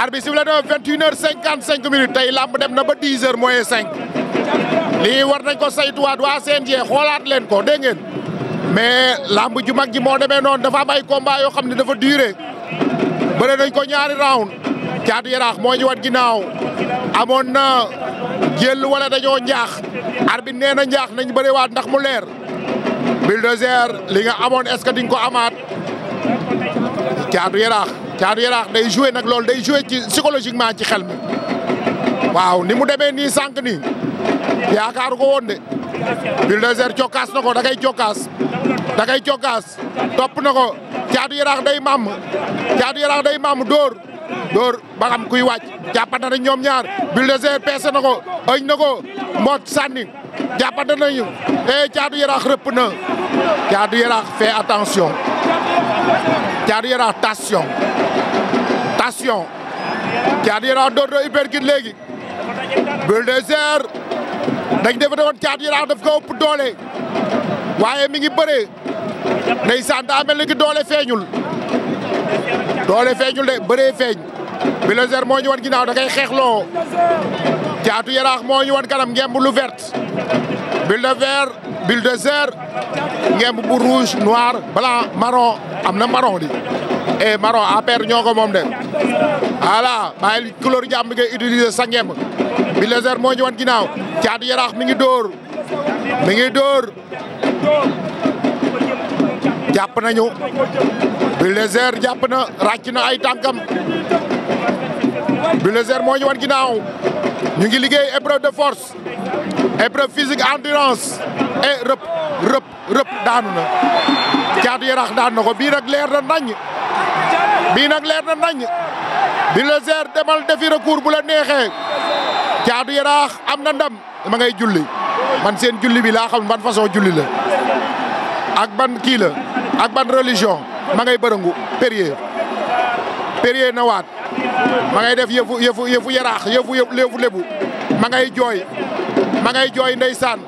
aar bi sifflé na 21 heures 55 minutes tey làmb dem na ba 10 heures moins 5 lii war nañ ko saytuwaat waa CNG xoolaat leen ko dégg mais làmb ju mag ji moo demee noonu dafa am ay combat yoo xam ne dafa duré bëre nañ ko ñaari round caatu yaraax moo ñu wat ginnaaw amoon na jël wala dañoo njaax arbitre nee na njaax nañ bëriwaat ndax mu leer Bulldozer li nga amoon est-ce que di ko amaat caatu yaraax Caatu Yaraax day joué nag loolu day joué ci psychologiquement ci xel waaw ni mu demee nii sànq ni yaakaar ko woon de. Bulldozer cokkaas na ko da kay cokkaas da kay cokkaas topp na ko Caatu Yaraax day maam Caatu Yaraax day maam dóor dóor ba kuy wàcc jàppante nañ ñaar Bulldozer na ko ëñ na ko mboot sànni jàppante nañu eh Caatu Yaraax rëpp na Caatu Yaraax fait attention Caatu Yaraax attention attention Caat Yaraax léegi dañ defe woon Caat Yaraax daf ko ëpp doole waaye mi ngi bëree ndeysaan daa mel ni ki doole feeñul doole feeñul de bëree feeñ Bulldozer moo ñu wan ginnaaw da koy xeexloo Caatu Yaraax moo wan kanam ngemb lu vert Bulldozer Bulldozer ngemb bu rouge noir blanc marron am na marron di e Maron APR ñoo ko moom de voilà bàyyil couleur jàmm bi ngay utiliser sa ngemb bi laser moo ñu wan ginnaaw caatu yaraax mi ngi dóor mi ngi dóor jàpp nañu Bulldozer jàpp na ràcc na ay tànkam Bulldozer moo ñu wan ginnaaw ñu ngi liggéey épreuve de force épreuve physique endurance et eh, rëpp rëpp rëpp daanu na caatu yarax daan na ko bii nag leer na nañ bii nag leer na nañ Bulldozer demal defi recours bu la neexee Caatu Yaraax am na ndam ma ngay julli man seen julli bi laa xam ban façon julli la ak ban kiila ak ban religion ma ngay bërëngu périer périer na waat ma ngay def yëfu yëfu yëfu yaraax yëfu yëfu lébu ma ngay jooy ma ngay jooy ndeysaan